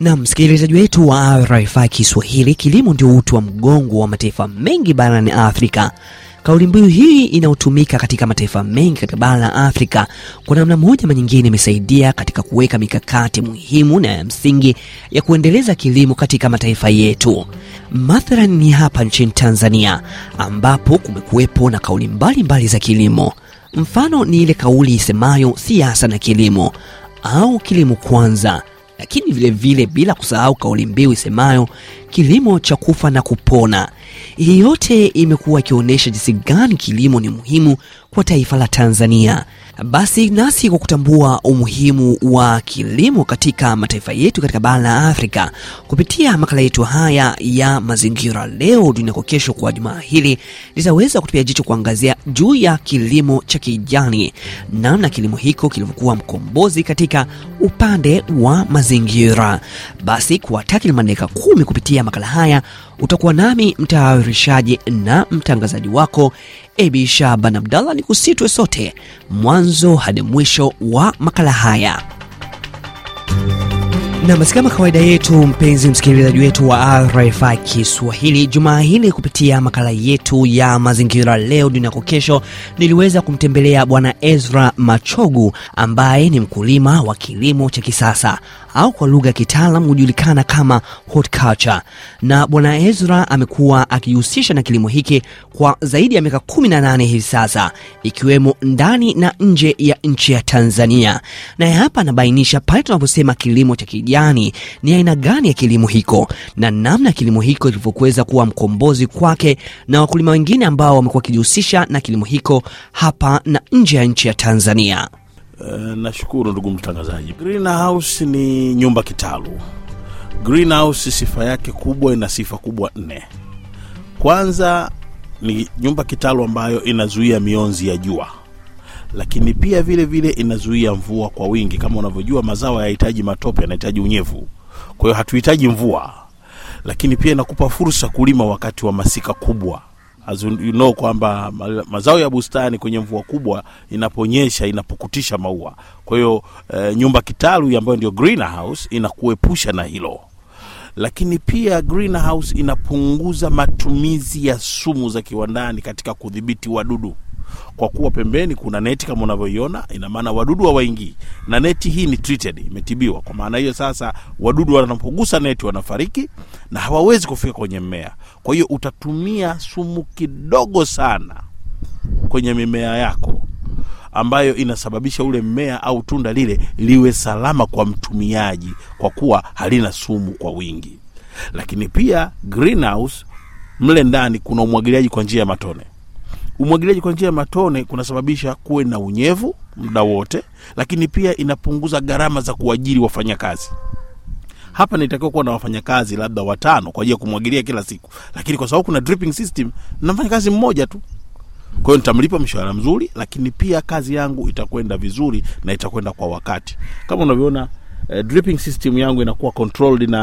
Na msikilizaji wetu wa RFI Kiswahili, kilimo ndio uti wa mgongo wa mataifa mengi barani Afrika. Kauli mbiu hii inayotumika katika mataifa mengi katika bara la Afrika kwa namna moja ama nyingine imesaidia katika kuweka mikakati muhimu na ya msingi ya kuendeleza kilimo katika mataifa yetu. Mathalan ni hapa nchini Tanzania ambapo kumekuwepo na kauli mbalimbali za kilimo. Mfano ni ile kauli isemayo siasa na kilimo au kilimo kwanza lakini vilevile bila kusahau kauli mbiu isemayo kilimo cha kufa na kupona hii yote imekuwa ikionyesha jinsi gani kilimo ni muhimu kwa taifa la Tanzania. Basi nasi kwa kutambua umuhimu wa kilimo katika mataifa yetu katika bara la Afrika, kupitia makala yetu haya ya mazingira leo dunia kwa kesho, kwa jumaa hili litaweza kutupia jicho kuangazia juu ya kilimo cha kijani, namna kilimo hiko kilivyokuwa mkombozi katika upande wa mazingira. Basi kwa takriban dakika kumi kupitia makala haya utakuwa nami mtayarishaji na mtangazaji wako Ebi Shaban Abdallah. Ni kusitwe sote mwanzo hadi mwisho wa makala haya na basi, kama kawaida yetu, mpenzi msikilizaji wetu wa RFI Kiswahili, jumaa hili kupitia makala yetu ya mazingira leo dunia yako kesho, niliweza kumtembelea Bwana Ezra Machogu ambaye ni mkulima wa kilimo cha kisasa au kwa lugha ya kitaalam hujulikana kama horticulture, na Bwana Ezra amekuwa akijihusisha na kilimo hiki kwa zaidi ya miaka 18 hivi sasa, ikiwemo ndani na nje ya nchi ya Tanzania. Naye hapa anabainisha pale tunaposema kilimo cha kijani ni aina gani ya kilimo hiko na namna kilimo hiko ilivyokuweza kuwa mkombozi kwake na wakulima wengine ambao wamekuwa wakijihusisha na kilimo hiko hapa na nje ya nchi ya Tanzania. Eh, nashukuru ndugu mtangazaji. Greenhouse ni nyumba kitalu. Greenhouse sifa yake kubwa, ina sifa kubwa nne. Kwanza ni nyumba kitalu ambayo inazuia mionzi ya jua, lakini pia vile vile inazuia mvua kwa wingi. Kama unavyojua, mazao hayahitaji matope, yanahitaji unyevu, kwa hiyo hatuhitaji mvua, lakini pia inakupa fursa kulima wakati wa masika kubwa as you know kwamba mazao ya bustani kwenye mvua kubwa inaponyesha inapukutisha maua. Kwa hiyo e, nyumba kitalu ambayo ndio greenhouse inakuepusha na hilo, lakini pia greenhouse inapunguza matumizi ya sumu za kiwandani katika kudhibiti wadudu kwa kuwa pembeni kuna neti kama unavyoiona, ina maana wadudu hawaingii, na neti hii ni treated, imetibiwa. Kwa maana hiyo sasa, wadudu wanapogusa neti wanafariki na hawawezi kufika kwenye mmea. Kwa hiyo utatumia sumu kidogo sana kwenye mimea yako ambayo inasababisha ule mmea au tunda lile liwe salama kwa mtumiaji, kwa kuwa halina sumu kwa wingi. Lakini pia greenhouse, mle ndani kuna umwagiliaji kwa njia ya matone. Umwagiliaji kwa njia ya matone kunasababisha kuwe na unyevu muda wote, lakini pia inapunguza gharama za kuajiri wafanyakazi hapa nitakiwa kuwa na wafanyakazi labda watano kwa ajili ya kumwagilia kila siku, lakini kwa sababu kuna dripping system na mfanyakazi mmoja tu, kwa hiyo nitamlipa mshahara mzuri, lakini pia kazi yangu itakwenda vizuri na itakwenda kwa wakati. Kama unavyoona uh, dripping system yangu inakuwa controlled na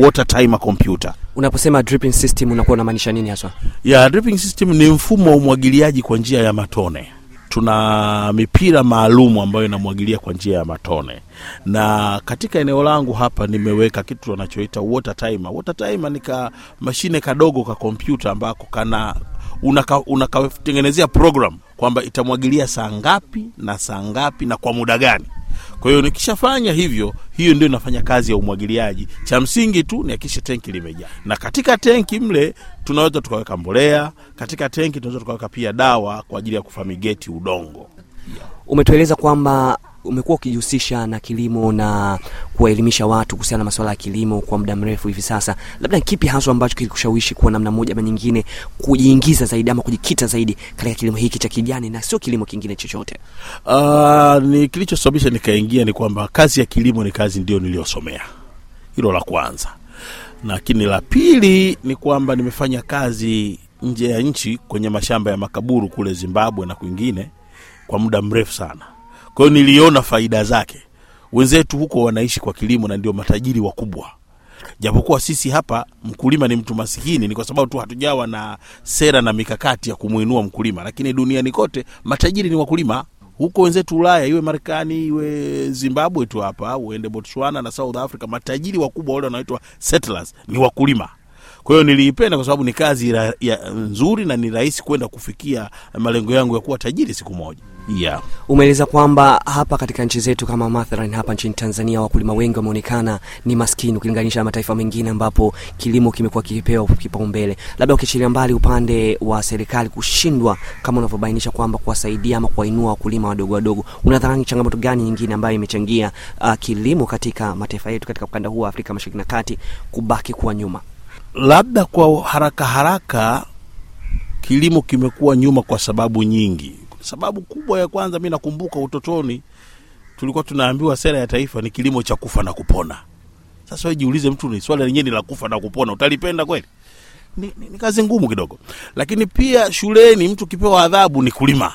water timer computer. Unaposema dripping system unakuwa unamaanisha nini haswa? Yeah, dripping system ni mfumo wa umwagiliaji kwa njia ya matone tuna mipira maalumu ambayo inamwagilia kwa njia ya matone, na katika eneo langu hapa nimeweka kitu wanachoita water timer. Water timer ni ka mashine kadogo ka kompyuta ambako kana unakatengenezea unaka program kwamba itamwagilia saa ngapi na saa ngapi na kwa muda gani. Kwa hiyo nikishafanya hivyo, hiyo ndio inafanya kazi ya umwagiliaji. Cha msingi tu ni tenki limejaa, na katika tenki mle tunaweza tukaweka mbolea, katika tenki tunaweza tukaweka pia dawa kwa ajili ya kufamigeti udongo. Umetueleza kwamba umekuwa ukijihusisha na kilimo na kuwaelimisha watu kuhusiana na masuala ya kilimo kwa muda mrefu hivi sasa, labda kipi haswa ambacho kilikushawishi kwa namna moja ama nyingine kujiingiza zaidi ama kujikita zaidi katika kilimo hiki cha kijani na sio kilimo kingine chochote? Uh, ni kilichosababisha nikaingia ni kwamba kazi ya kilimo ni kazi ndio niliyosomea, hilo la kwanza, lakini la pili ni kwamba nimefanya kazi nje ya nchi kwenye mashamba ya makaburu kule Zimbabwe na kwingine kwa muda mrefu sana kwa hiyo niliona faida zake. Wenzetu huko wanaishi kwa kilimo na ndio matajiri wakubwa, japokuwa sisi hapa mkulima ni mtu masikini. Ni kwa sababu tu hatujawa na sera na mikakati ya kumwinua mkulima, lakini duniani kote matajiri ni wakulima huko wenzetu Ulaya, iwe Marekani, iwe Zimbabwe tu hapa, uende Botswana na South Africa, matajiri wakubwa wale wanaitwa settlers ni wakulima. Kwa hiyo niliipenda kwa sababu ni kazi ra, ya, nzuri na ni rahisi kwenda kufikia malengo yangu ya kuwa tajiri siku moja. Yeah. Umeeleza kwamba hapa katika nchi zetu kama mathalan hapa nchini Tanzania wakulima wengi wameonekana ni maskini ukilinganisha na mataifa mengine ambapo kilimo kimekuwa kipewa kipaumbele, labda ukiachilia mbali upande wa serikali kushindwa kama unavyobainisha kwamba kuwasaidia ama kuwainua wakulima wadogo wadogo, unadhani changamoto gani nyingine ambayo imechangia uh, kilimo katika mataifa yetu katika ukanda huu wa Afrika Mashariki na Kati kubaki kuwa nyuma? labda kwa haraka haraka kilimo kimekuwa nyuma kwa sababu nyingi. Sababu kubwa ya kwanza, mi nakumbuka utotoni tulikuwa tunaambiwa sera ya taifa ni kilimo cha kufa na kupona. Sasa wewe jiulize, mtu ni swala lenyewe ni la kufa na kupona, utalipenda kweli? Ni, ni, ni kazi ngumu kidogo. Lakini pia shuleni mtu kipewa adhabu ni kulima.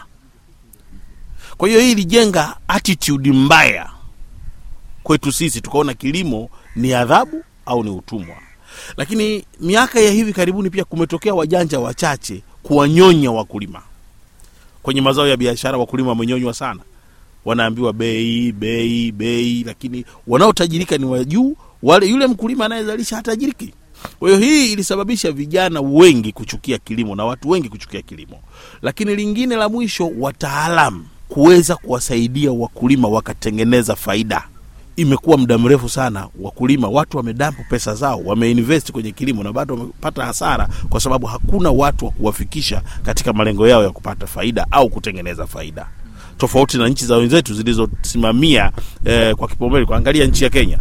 Kwa hiyo hii ilijenga attitude mbaya kwetu sisi, tukaona kilimo ni adhabu au ni utumwa. Lakini miaka ya hivi karibuni pia kumetokea wajanja wachache kuwanyonya wakulima kwenye mazao ya biashara. Wakulima wamenyonywa sana, wanaambiwa bei, bei, bei, lakini wanaotajirika ni wajuu wale, yule mkulima anayezalisha hatajiriki. kwahiyo hii ilisababisha vijana wengi kuchukia kilimo na watu wengi kuchukia kilimo. Lakini lingine la mwisho, wataalam kuweza kuwasaidia wakulima wakatengeneza faida imekuwa muda mrefu sana, wakulima watu wamedampu pesa zao, wameinvest kwenye kilimo na bado wamepata hasara, kwa sababu hakuna watu wa kuwafikisha katika malengo yao ya kupata faida au kutengeneza faida, tofauti na nchi za wenzetu zilizosimamia eh, kwa kipaumbele. Kuangalia nchi ya Kenya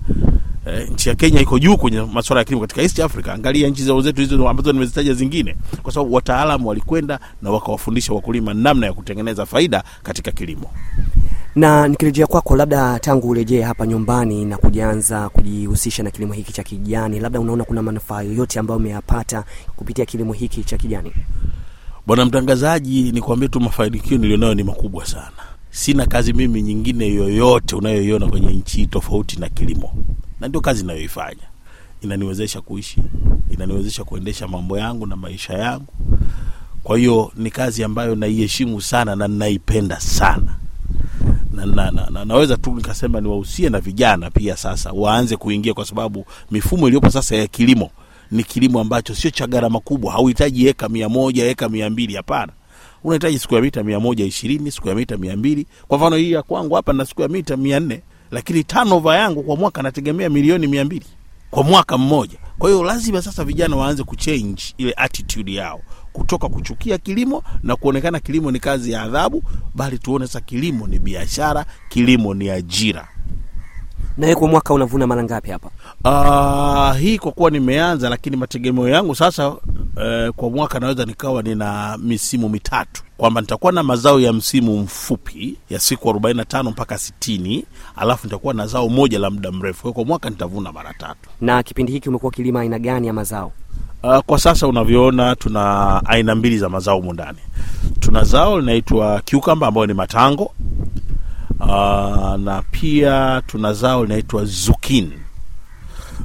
eh, nchi ya Kenya iko juu kwenye masuala ya kilimo katika East Africa. Angalia nchi za wenzetu hizo ambazo nimezitaja zingine, kwa sababu wataalamu walikwenda na wakawafundisha wakulima namna ya kutengeneza faida katika kilimo. Na nikirejea kwako, labda tangu urejee hapa nyumbani na kujianza kujihusisha na kilimo hiki cha kijani, labda unaona kuna manufaa yoyote ambayo umeyapata kupitia kilimo hiki cha kijani? Bwana mtangazaji, nikwambie tu mafanikio nilionayo ni makubwa sana. Sina kazi mimi nyingine yoyote unayoiona kwenye nchi tofauti na kilimo, na ndio kazi inayoifanya inaniwezesha kuishi, inaniwezesha kuendesha mambo yangu na maisha yangu. Kwa hiyo ni kazi ambayo naiheshimu sana na ninaipenda sana na, na, na, na, naweza tu nikasema niwahusie na vijana pia sasa waanze kuingia, kwa sababu mifumo iliyopo sasa ya kilimo ni kilimo ambacho sio cha gharama kubwa. Hauhitaji eka mia moja eka mia mbili hapana unahitaji siku ya mita mia moja ishirini siku ya mita mia mbili kwa mfano hii ya kwangu hapa na siku ya mita mia nne lakini tanova yangu kwa mwaka nategemea milioni mia mbili kwa mwaka mmoja kwa hiyo lazima sasa vijana waanze kuchange ile attitude yao kutoka kuchukia kilimo na kuonekana kilimo ni kazi ya adhabu, bali tuone sasa kilimo ni biashara, kilimo ni ajira. Na kwa mwaka unavuna mara ngapi hapa? Uh, hii kwa kuwa nimeanza, lakini mategemeo yangu sasa eh, kwa mwaka naweza nikawa nina misimu mitatu, kwamba nitakuwa na mazao ya msimu mfupi ya siku 45 mpaka sitini, alafu nitakuwa na zao moja la muda mrefu. Kwa mwaka nitavuna mara tatu. Na kipindi hiki umekuwa kilima aina gani ya mazao? Uh, kwa sasa unavyoona tuna aina mbili za mazao humu ndani. Tuna zao linaitwa kiukamba ambayo ni matango uh, na pia tuna zao linaitwa zukini.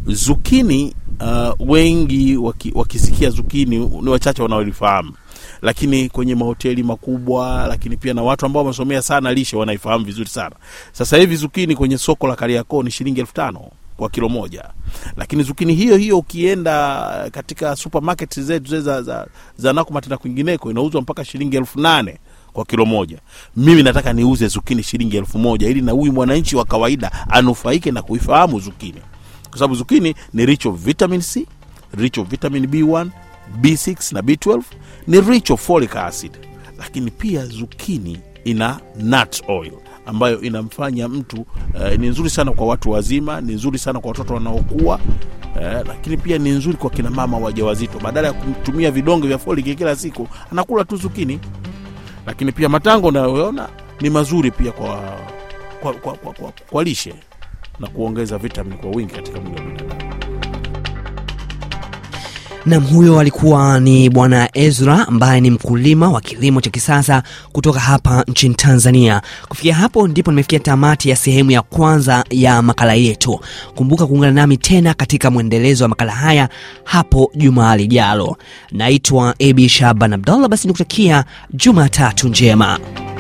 Zukini uh, ah, wengi waki, wakisikia zukini ni wachache wanaolifahamu, lakini kwenye mahoteli makubwa, lakini pia na watu ambao wamesomea sana lishe wanaifahamu vizuri sana. Sasa hivi zukini kwenye soko la Kariakoo ni shilingi elfu tano kwa kilo moja, lakini zukini hiyo hiyo ukienda katika supermarket zetu za, za, za nakumati na kwingineko inauzwa mpaka shilingi elfu nane kwa kilo moja. Mimi nataka niuze zukini shilingi elfu moja ili na huyu mwananchi wa kawaida anufaike na kuifahamu zukini, kwa sababu zukini ni rich of vitamin C, rich of vitamin B1, B6 na B12, ni rich of folic acid, lakini pia zukini ina nut oil ambayo inamfanya mtu eh, ni nzuri sana kwa watu wazima, ni nzuri sana kwa watoto wanaokua Eh, lakini pia ni nzuri kwa kina mama wajawazito. Badala ya kutumia vidonge vya foliki kila siku, anakula tu zukini. Lakini pia matango unayoona ni mazuri pia kwa, kwa, kwa, kwa, kwa, kwa lishe na kuongeza vitamin kwa wingi katika mwili wa binadamu. Nam huyo alikuwa ni bwana Ezra ambaye ni mkulima wa kilimo cha kisasa kutoka hapa nchini Tanzania. Kufikia hapo ndipo nimefikia tamati ya sehemu ya kwanza ya makala yetu. Kumbuka kuungana nami tena katika mwendelezo wa makala haya hapo juma lijalo. Naitwa Abi Shaban Abdallah, basi nikutakia Jumatatu njema.